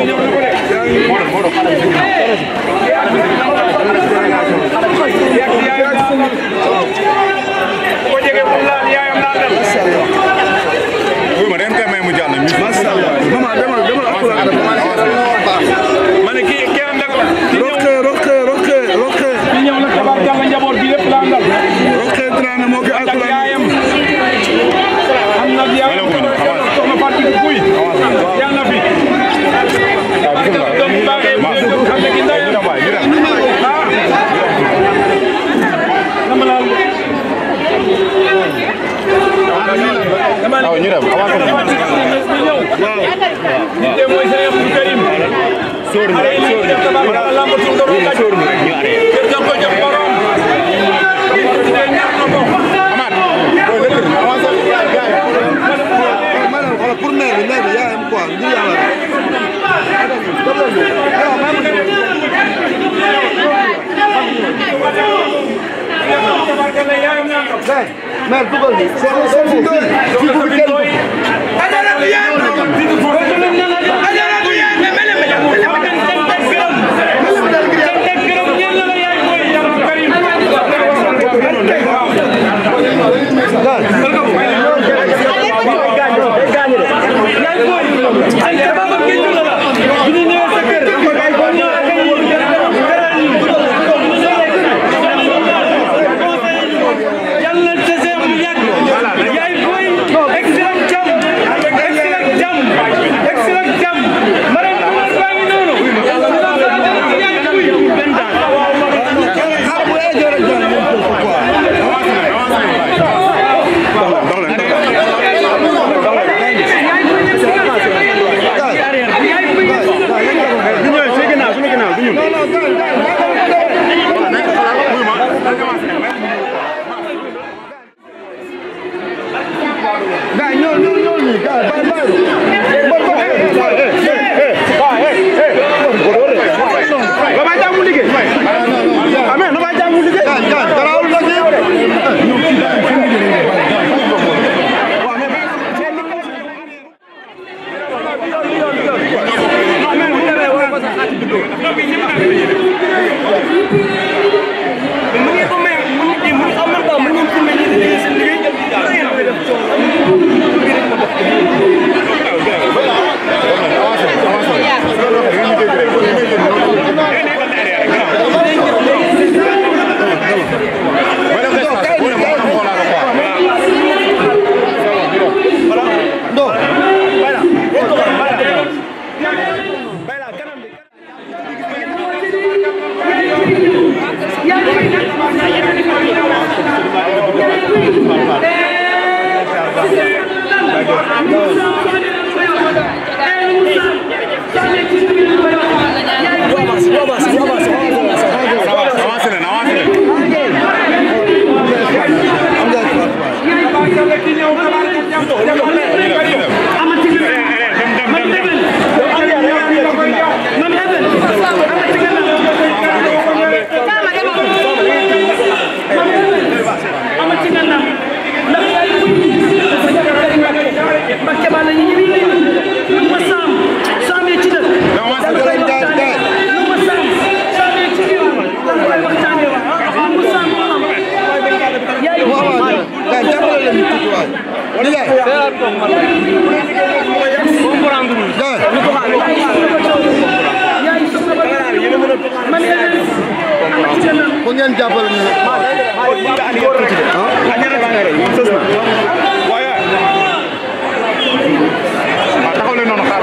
Yalla fi Ay, taxaw leen noonu xaar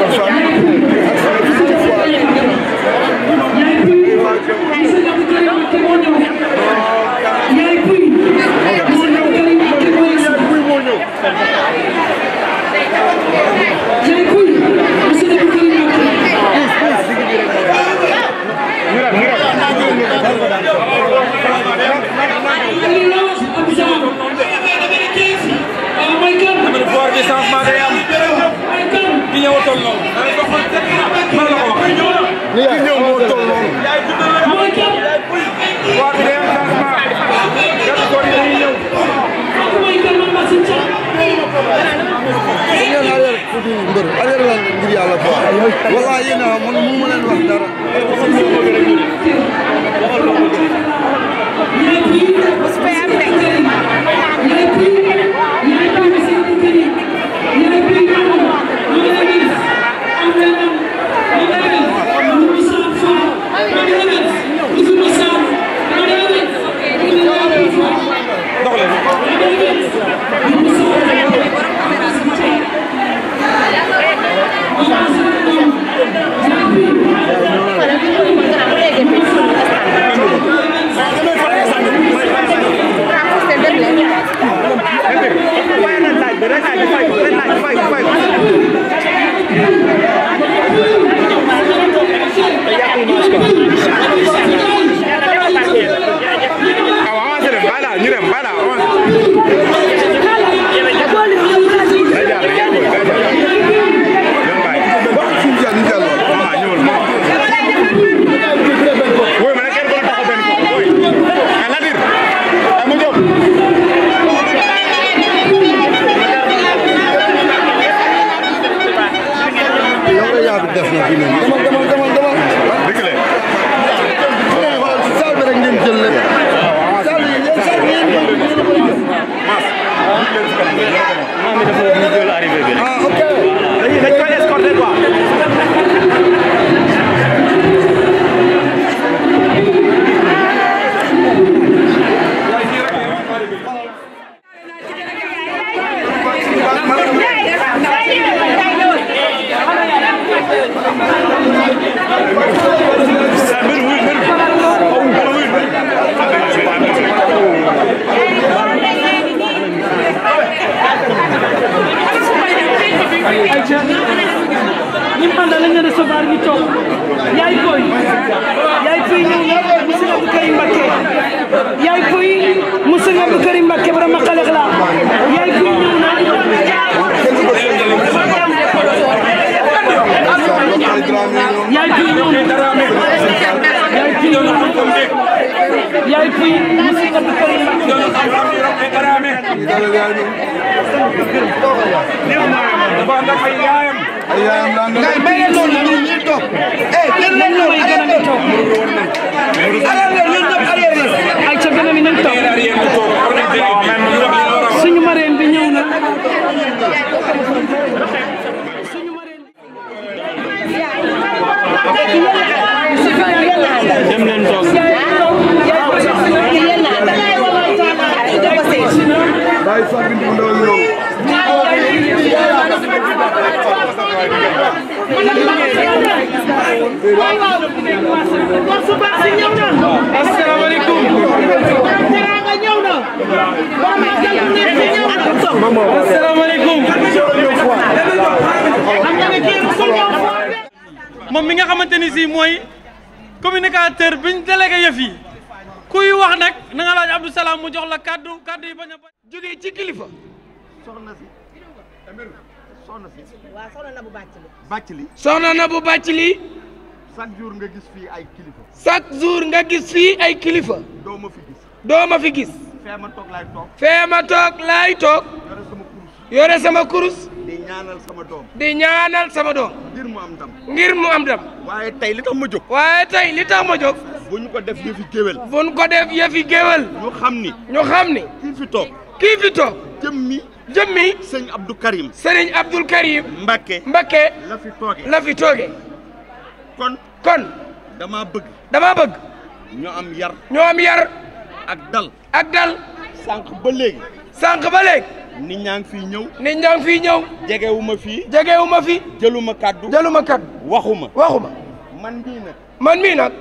toll noonu. man la ko wax. li ñëw moo toll noonu. waa bi day am changement. gerte góor yi dañuy ñëw. yéen arrière tuuti mbër arrière la ngir yàlla quoi. wallaahi yéen a man mënu ma leen wax dara. yaay puy musidɗo karim garame dafa andak ay yayam ngay mbaye loolu ñu ñu toog eh kenn leen loolu gën a toog alal leen ñun ñëpp arrière leen ay ca gën a mi nañ toog suñu marraine bi ñëw na dem leen toog moom mi nga xamante ni si mooy communicateur biñ délégué yëf yi kuy wax nag na nga laaj Abdou mu jox la kaddu kaddu yi bañ a jógee ci kilifa soxna na bu bàcc li. soxna na bu bàcc li. chaque jour nga gis fii ay kilifa. chaque jour nga gis fii ay kilifa. doo ma fi gis. doo ma toog laay toog. yore sama kurus. yore sama di ñaanal sama doom. di ñaanal sama doom. ngir mu am ndam. ngir mu am ndam. waaye tey li tax ma jóg. waaye tey li tax ma jóg. bu ko def yëfi géwél. bu ko def yëfi géwél. ñu xam ni. ñu xam ni. kii fi toog. kii fi toog. jëmmi. jëmmi. sëñ Abdou Karim. sëriñ Abdou Karim. Mbakke. Mbakke. la fi tooge. la fi tooge. kon. kon. dama bëgg. dama bëgg. ñoo am yar. ñoo am yar. ak dal. ak dal. sànq ba léegi. sànq ba léegi. nit ñaa ngi fii ñëw. nit ñaa fii ñëw. jegewu ma fii. jegewu ma fii. jëlu ma kaddu. jëlu ma kaddu. waxu ma. man mii nag. man mii nag.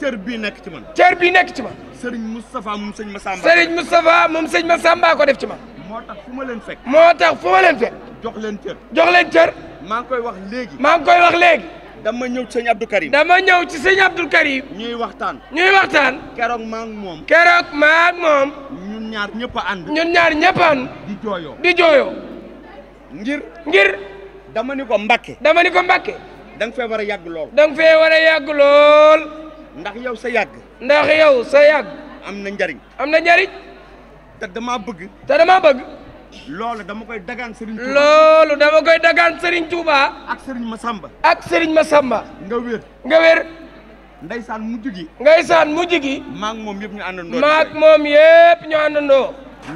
cër bii nekk ci man. cër bii nekk ci man. Serigne Moustapha moom sëñ Massamba. Serigne Moustapha moom sëñ Massamba ko def ci man. moo tax fu ma leen fekk. moo tax fu ma leen fekk. jox leen cër. jox maa ngi koy wax léegi. maa ngi koy wax léegi. dama ñëw ci sëñ Abdou Karim. dama ñëw ci sëñ Abdou Karim. ñuy waxtaan. ñuy waxtaan. keroog maa moom. keroog maa ngi moom. ñun ñaar ñëpp a ànd. ñun ñaar ñëpp a ànd. di jooyoo di jooyoo. ngir. ngir. dama ni ko Mbacke. dama ni ko mbakke da nga fee war a yàgg lool. da nga fee war a yàgg ndax yow sa yàgg. ndax yow sa yàgg. am na njariñ. am na njariñ. te damaa bëgg. te damaa bëgg. loolu dama koy dagaan Serigne Touba loolu dama koy dagaan Serigne Touba. ak Serigne Massamba. ak Serigne Massamba. nga wér. nga wér. Ndeysaan mujj gi. Ndeysaan mujj gi. maak moom yëpp ñu àndandoo. maak moom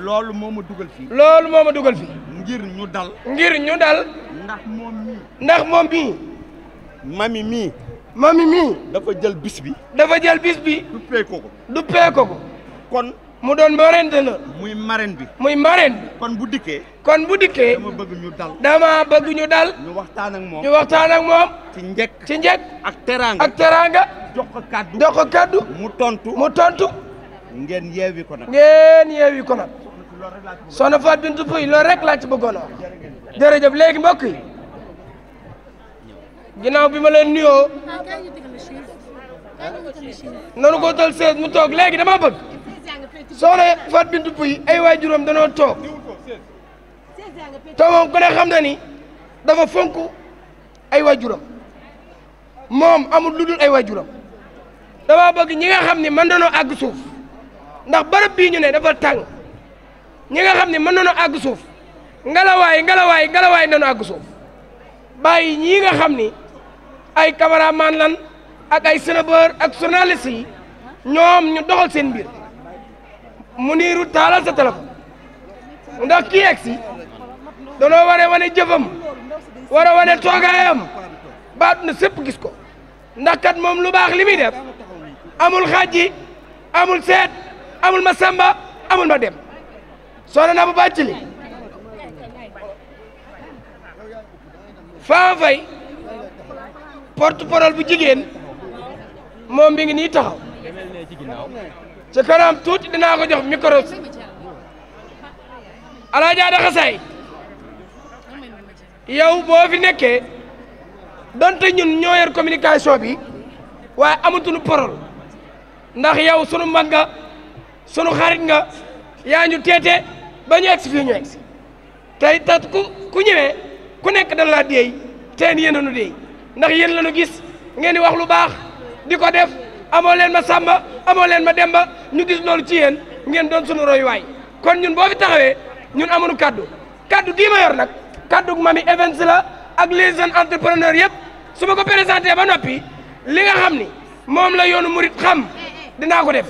loolu moo ma dugal fii. loolu moo ma dugal fii. ngir ñu dal. ngir ñu dal. ndax moom mii. ndax moom mii. mami mii. mami mii. dafa jël bis bi. dafa jël bis bi. duppee ko ko. duppee ko ko mu doon marraine na muy marraine bi. muy marraine kon bu dikkee. kon bu dikkee. dama bëgg ñu dal. dama bëgg ñu dal. ñu waxtaan ak moom. ñu waxtaan ak moom. ci njek ci njëkk. ak teraanga ak teraanga. jox ko kaddu jox ko kaddu. mu tontu mu tontu. ngeen yeewi ko nag. ngeen yeewi ko nag. soxna Fatou Bintou Pouye loolu rek laa ci bëggoon a wax. léegi mbokk ginnaaw bi ma leen nuyoo. Ah, nanu ko tal seet mu toog léegi dama bëgg. soxna Fatou Bintou Pouye ay waajuram danoo toog te moom ku xam na ni dafa fonk ay waajuram moom amul lu dul ay waajuram dafa bëgg ñi nga xam ne mën nañoo àgg suuf ndax barab bii ñu ne dafa tàng ñi nga xam ne mën nañoo àgg suuf ngelawaay ngelawaay ngelawaay nañu àgg suuf bàyyi ñii nga xam ni ay cameraman lan ak ay sénébeur ak journaliste yi ñoom ñu doxal seen biir mu taalal sa téléphone ndax kii egg si danoo waree wane jëfam war a wane toogaayam na sëpp gis ko ndax moom lu baax li muy amul xàjji amul seet amul ma amul ma dem soxna na bu bàcc li Fama jigéen moom mi ngi nii ci kanam dina dinaa ko jox micro Alaaji Ada Xasaay yow boo fi nekkee donte ñun ñoo yor communication bi waaye amatuñu parole ndax yow sunu mag nga sunu xarit nga yaa teete ba ñu egsi fii ñu tey tat ku ku ñëwee ku nekk da laa déey teen yéen nu déey ndax yéen la ñu gis ngeen di wax lu baax di ko def amooleen leen sàmba amoon leen ma dem ba ñu gis loolu ci yéen ngeen doon sunu roy kon ñun boo fi taxawee ñun amuñu kaddu kaddu gii ma yor nag kaddu Mamy la ak les jeunes entrepreneurs yëpp su ma ko présenté ba noppi li nga xam ni moom la yoonu murit xam dinaa ko def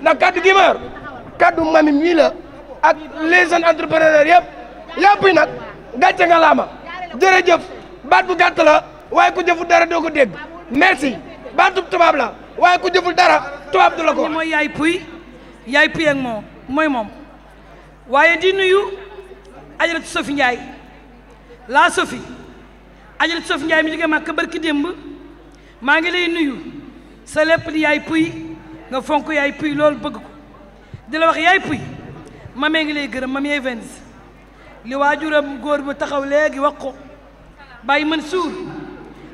ndax kaddu gii ma yor kaddu Mamy mii ak les jeunes entrepreneurs yëpp yàpp yi nag gàcce nga laama jërëjëf baat gu gàtt la waaye ku dara doo ko dégg merci baatub tubaab la waaye ku jëful dara tubaab du la ko mooy yaay puy yaay puy ak moom mooy moom waaye di nuyu ajaratu Sophie Ndiaye laa Sophie ajaratu Sophie Ndiaye mi jóge Makka barki démb maa ngi lay nuyu sa lépp di yaay puy nga fonk yaay puy loolu bëgg ko di la wax yaay puy mamee ngi lay gërëm mam yaay Evans li waajuram góor bu taxaw léegi wax ko Baye Mansour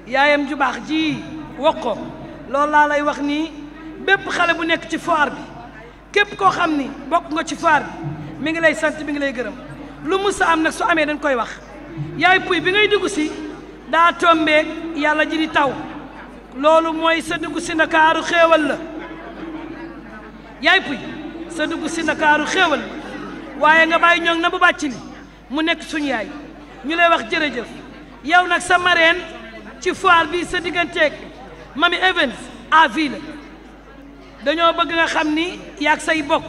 yaayam ju baax ji wax ko loolu laa lay wax nii bépp xale bu nekk ci foire bi képp koo xam ni bokk nga ci foire bi mi ngi lay sant mi ngi lay gërëm lu musa am nag su amee dañ koy wax yaay puy bi ngay dugg si daa tombeek yàlla ji di taw loolu mooy sa dugg si ndakaaru xéewal la yaay puy sa dugg si ndakaaru xéewal waaye nga bàyyi ñoŋ na bu bàcc mu nekk suñu yaay ñu lay wax jërëjëf yow nag sa marraine ci foire bi sa digganteeg Mami Evans à ville dañoo bëgg nga xam ni yaag say bokk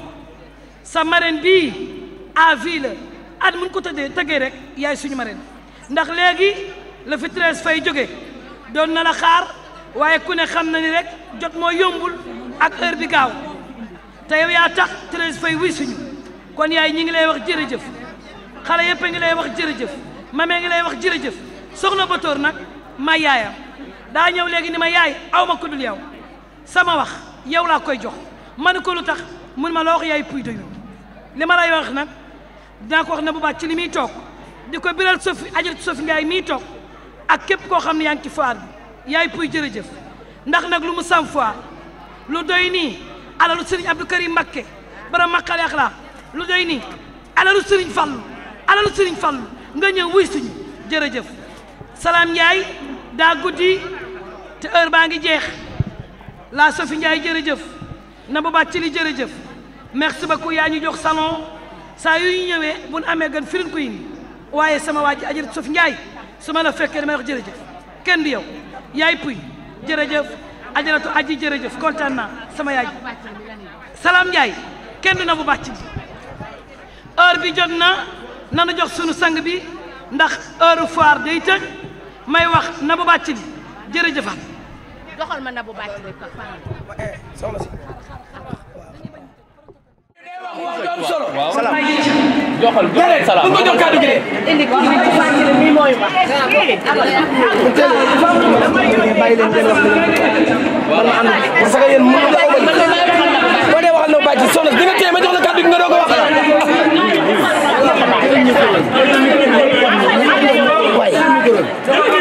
sa marraine bii à ville at muñ ko tëddee tëggee rek yaay suñu marraine ndax léegi la fi fay jóge doon na la xaar waaye ku ne xam na ni rek jot moo yombul ak heure bi gaaw te yow yaa tax Thérèse fay wuy suñu kon yaay ñi ngi lay wax jërëjëf xale yëpp a ngi lay wax jërëjëf mamee ngi lay wax jërëjëf soxna Batoor nag ma yaayam daa ñëw léegi ni ma yaay aw ma kuddul yow sama wax yow laa koy jox ma ne ko lu tax mun ma loo wax yaay puy doyul li ma lay wax nag dinaa ko wax na bu baax ci li muy toog di ko biral sofi ajrat sofi ngaay miy toog ak képp koo xam ne yaa ngi ci foire bi yaay puy jërëjëf ndax nag lu mu sam foire lu doy nii alalu sëriñ Abdou Karim Mbakke bara maqale ak laa lu doy nii alalu sëriñ Fallu alalu nga ñëw wuy suñu jërëjëf salaam yaay daa guddi te heure baa ngi jeex la Sophie Ndiaye jërëjëf na ba ci li jërëjëf merci beaucoup yaa ñu jox salon saa yu ñu ñëwee bu nu amee gan firin ko indi waaye sama waa ji ajarat Sophie Ndiaye su ma la fekkee damay wax jërëjëf kenn du yow yaay puy jërëjëf ajaratu aji jërëjëf kontaan naa sama yaay salaam Ndiaye kenn du na bu bàcc bi heure bi jot na nanu jox sunu sang bi ndax heure foire day tëj may wax na bu bàcc bi jërëjëfal joxal ma Nabou Bathily soxna si waaw salaam joxal joxal salaam bu ko jox kàddu gi de indi ko mi mooy ma bàyyi leen ngeen wax man ma am parce que yéen mu boo dee waxal na bàcc soxna di nga téye ma jox la kàddu gi nga doog a wax waaye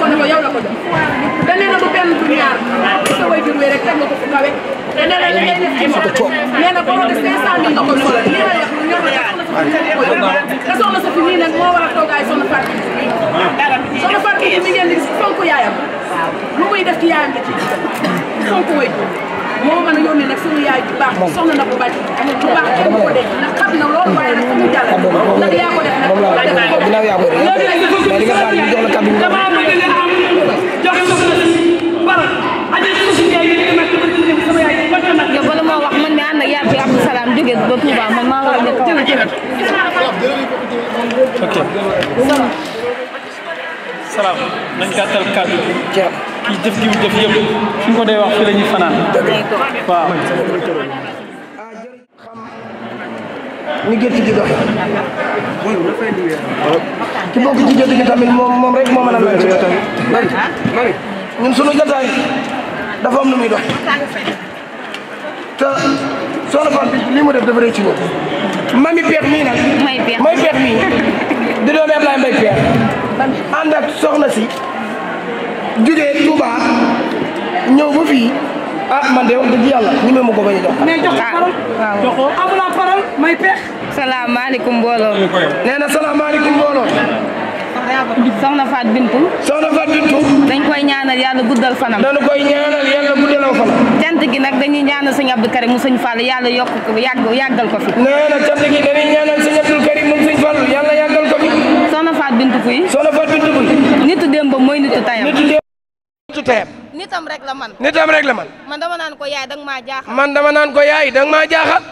ko ne ko yow la ko jox te nee na du benn du ñaar bu sa way jur wee rek teg nga ko fu kawe te nee na li ngay def ay moto nee na boo def 500000 nga koy solal lii la wax lu ñor la te soxna sa fi nii nag moo war a toogaay soxna Fatou soxna Fatou mi ngeen di fonk yaayam lu muy def ci yaayam da ci fonk way jur moo mën a yónnee nag suñu yaay bu baax soxna na bu baax bu baax kenn ko def ndax xam na loolu waaye nag suñu jàll ndax yaa ko def nag ginnaaw yaa ko def mais li nga xaar ñu jox la kàddu bala moo wax man ne ànd ak yaay Abdou Salam jóge ba Touba man maa war a nekk ok salaam nañ gàttal kàddu ci jëf gi mu jëf yëpp suñ ko dee wax fi la ñuy fanaan waaw ni gerte gi doxe ki bokk ci gerte gi tamit moom moom rek moo mën a mel ci tamit ñun sunu jotaay dafa am nu muy dox te soxna Fatou bi lii mu def dafa rëy ci moom mami peex mii nag mooy peex mii di doomi Ablaye Mbaye peex ànd ak soxna si jógee Touba ñëw ba fii ah man de wax dëgg yàlla ñu ne ma ko bañ a jox. mais jox ko parole ah, waaw jox ko amul parole may pex. salaamaaleykum mbooloo. nee na salaamaaleykum mbooloo. soxna Fat Bintou. soxna Fat Bintou. dañ koy ñaanal yàlla guddal fanam. dañ koy ñaanal yàlla guddalaw fanam. cant gi nag dañuy ñaanal sëñ Abdou Karim mu sëñ Fall yàlla yokk ko yàgg yàggal ko fi. nee na cant gi dañuy ñaanal sëñ Abdou Karim mu sëñ Fall yàlla yàggal ko fi. soxna Fat Bintou kuy. soxna Fat Bintou kuy. nitu démb mooy nitu tayam. nattu teyam. nitam rek la man. nitam rek la man. man dama naan ko yaay danga maa jaaxal. man dama naan ko yaay danga maa jaaxal.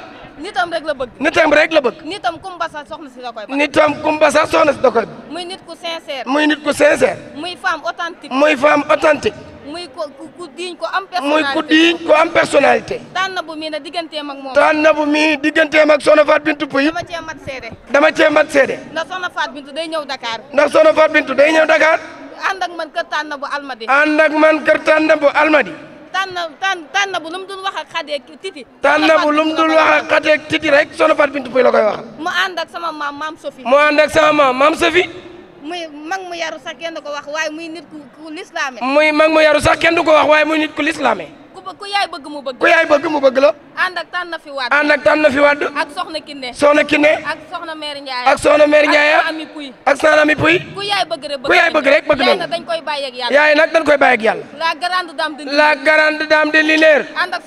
nitam rek la bëgg. nitam rek la bëgg. nitam kumba sax soxna si da koy. nitam kumba sax soxna si da koy. muy nit ku sincère. muy nit ku sincère. muy femme authentique. muy ku ku diñ ko am personnalité. tànn bu mii na digganteem moom. tànn bu mii digganteem ak Soxna Fatou Bintou dama cee mat seede. dama cee mat seede. ndax Soxna Fatou Bintou day ñëw Dakar. ndax Soxna Fatou Bintou day ñëw Dakar. ànd ak man kër tànn bu almadi. ànd man kër tànn bu almadi. tànn tànn bu lu mu dul wax ak xateeg titi. tànn bu lu dul wax ak titi rek soxna Fatou Bintou Pouye la koy mu ànd ak sama maam maam Sophie. mu ànd ak sama maam maam Sophie. muy mag mu yaru sax kenn du ko wax waaye muy nit ku lislaame. muy mag mu yaru sax kenn du ko wax waaye muy nit ku lislaame. ku yaay bëgg mu bëgg ku yaay bëgg mu bëgg la ànd ak tànn fi wàdd ànd ak tànn fi wàdd ak soxna Kiné soxna Kiné ak soxna Mère Ndiaye ak soxna Mère Ndiaye ak ami soxna ami puy ku ku yaay bëgg rek bëgg na nag dañ koy bàyyi ak yàlla yaay nag dañ koy bàyyi ak yàlla la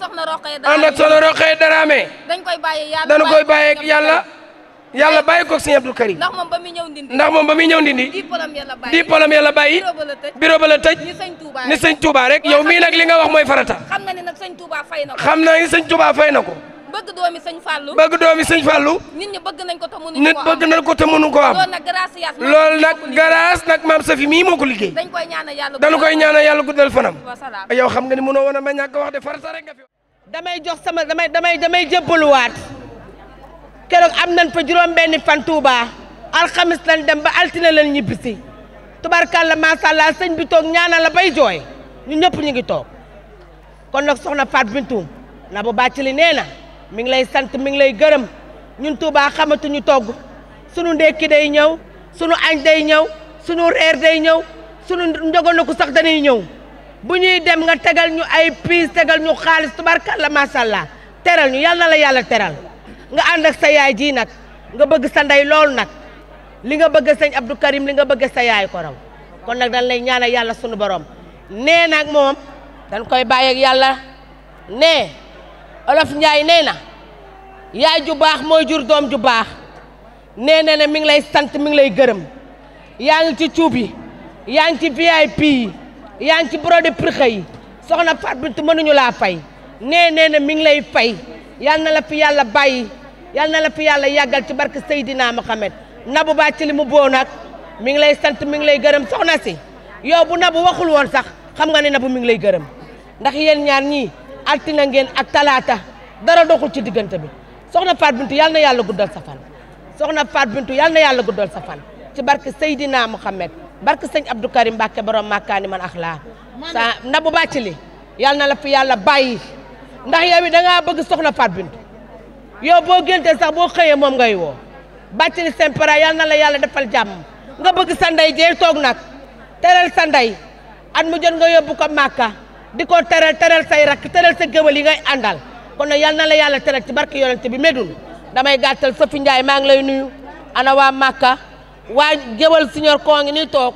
soxna Rokhaya Dramé dañ koy bàyyi yàlla dañ yàlla yàlla bàyyi koog sëñ Abdou Karim ndax moom ba muy ñëw ndindi ndax moom ba muy ñëw ndindi diplôme yàlla bàyyi bureau ba la tëj ni sëñ Touba rek yow mii nag li nga wax moy farata xam na ni nag sëñ Touba fay na ko xam na ni sëñ Touba fay na ko bëgg doomi sëñ Fallou bëgg doomi sëñ Fallou nit ñi bëgg nañ ko te mënu nit bëgg nañ ko ko am loolu nag grâce nag maam Safi mii moo ko liggéey dañ koy ñaanal yàlla dañ koy ñaanal yàlla guddal fanam yow xam nga ni mënoo woon a ma ñàkk wax de farata rek nga fi damay jox sama damay keroog am nañ fa juróom benni fan Touba alxamis lañ dem ba altine lañ ñibbisi tubarkalla macha allah sëñ bi toog ñaanal la bay jooy ñu ñëpp ñu ngi toog kon nag soxna Fat Bintou na bu bàcc li nee na mi ngi lay sant mi ngi lay gërëm ñun Touba xamatuñu togg sunu ndekki day ñëw sunu añ day ñëw sunu reer day ñëw sunu njogonaku sax dañuy ñëw bu ñuy dem nga tegal ñu ay piis tegal ñu xaalis tubarkalla macha allah teral ñu yàlla la yàlla teral nga ànd ak sa yaay ji nag nga bëgg sa ndey lool nag li nga bëgg sëñ Abdou Karim li nga bëgg sa yaay ko raw ko nag dañ lay ñaanal yàlla sunu borom nee nag moom dañ koy bàyyeeg yàlla nee olof Njaay nee na yaay ju baax mooy jur doom ju baax nee na ne mi ngi lay sant mi ngi lay gërëm yaa ngi ci cuub yi yaa ngi ci VIP yi yaa ngi ci brode prixe yi soxna mënuñu laa fay nee nee na mi ngi lay fay yal na la fi yàlla bàyyi. yal na la fi yàlla yàggal ci barke Seydina Mohamed nabu ba ci li mu boo nag mi ngi lay sant mi ngi lay gërëm soxna si yow bu nabu waxul woon sax xam nga ne nabu mi ngi lay gërëm ndax yéen ñaar ñii altina ngeen ak talaata dara doxul ci diggante bi soxna Fatou Bintou yal na yàlla guddal sa fan soxna Fatou Bintou yal na yàlla guddal sa fan ci barke Seydina Mohamed barke sëñ Abdou Karim Mbacke borom makkaani man ak laa sa nabu ba ci li yal na la fi yàlla bàyyi ndax yow it da bëgg soxna Fatou Bintou yow boo géntee sax boo xëyee moom ngay woo bàccali sempara yal na la yàlla defal jàmm nga bëgg sa ndey dee toog nag teral sa ndey at mu jot nga yóbbu ko màkka di ko teral teral say rakk teral sa géwël yi ngay àndal kon nag yal na la yàlla teral ci barke yonent bi medul damay gàttal Sophie Ndiaye maa ngi lay nuyu ana waa màkka waa géwël siñor koo ngi toog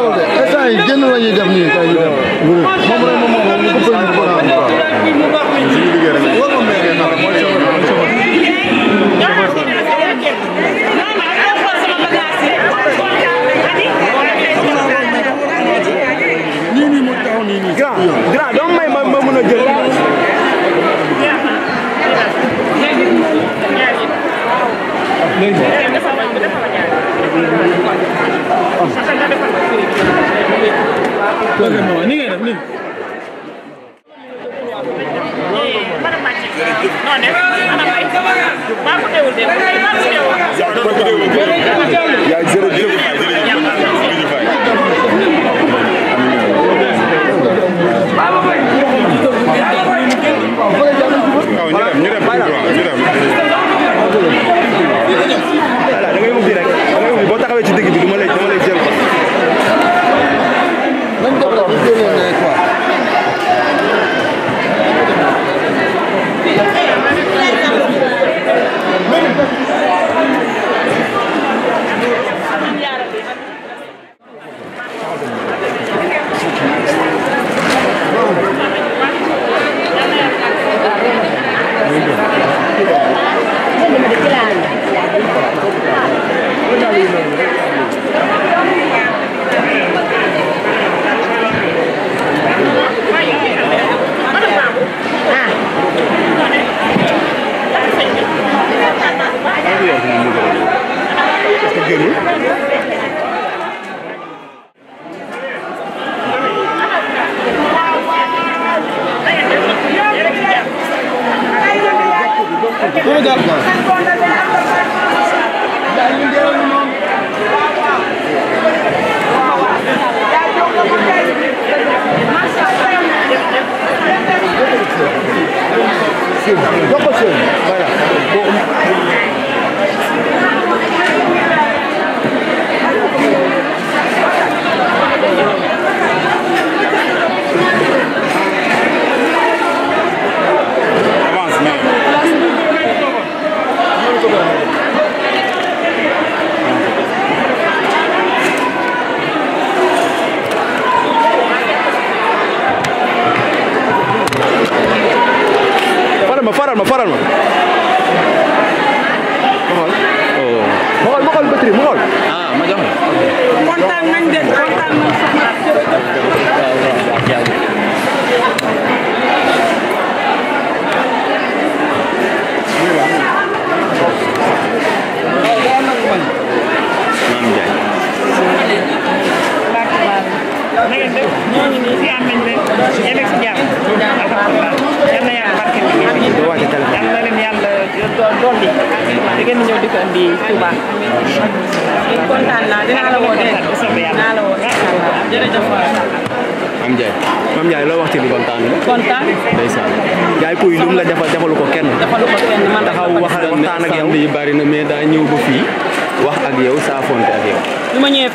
instant yi génn la ñuy def nii kay ñu dem. moom rek moom moom ko bëri ñu ko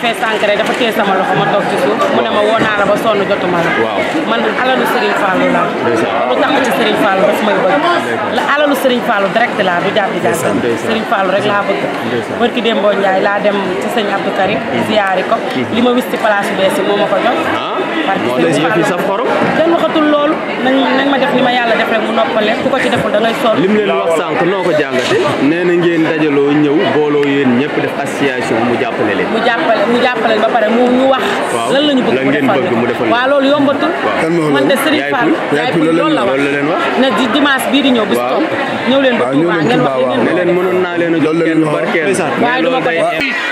defee sànq rek dafa téye sama loxo ma toog ci suuf mu ne ma woo naa la ba sonn jotuma la lu tax ci Serigne Fallou daf may bëgg la alalu Serigne Fallou direct laa du jàpp jàpp Serigne Fallou rek laa bëgg barki Dembo Ndiaye laa dem ci sëñ Abdou Karim mhm. ziyaari ko mhm. li ma wis ci place bees yi moo ma ko jox ah? kenn waxatul loolu nañ ma def ni ma yàlla def rek mu noppale ku ko ci deful da ngay sonn lim leen wax sànq noo ko jàngate nee ngeen dajaloo ñëpp def association mu jàppale leen ñu jàppale ba pare mu ñu wax. lan la ñu mu defal waaw loolu yombatul. man de Serigne Fall yaay di dimanche bii di ñëw. bis toog ñëw leen ba Touba ngeen wax ne leen mënoon naa leen a jox kenn barkeel waaye du ma ko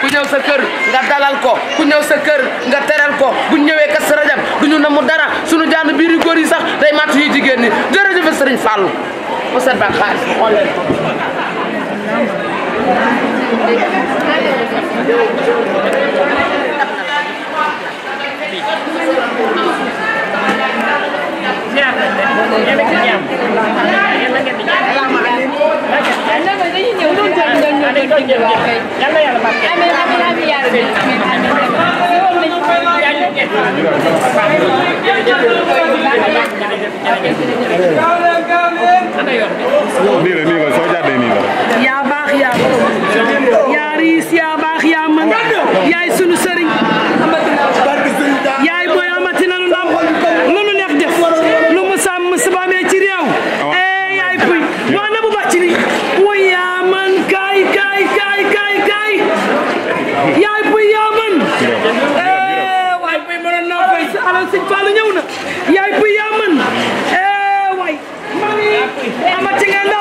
ku ñëw sa kër nga dalal ko sa bu ñëwee kas rajab dara suñu jaan biir yu góor yi sax day màtt yu jigéen ñi jërëjëf Serigne Fallou Ousseyn Bakar leen ko Jangan, jangan, jangan, jangan, jangan, jangan, jangan, yàlla yàlla barkeel. amiin amiin amiin yaa rabbi. nii la nii la soo jàddee nii la. yaa baax yaa borom yaa riis yaa baax yaa mën yaay sunu sëriñ. yaay booy amatina lu ndaw. sëñ Fallou yaay bu yaa mën eh, waay mami amati nga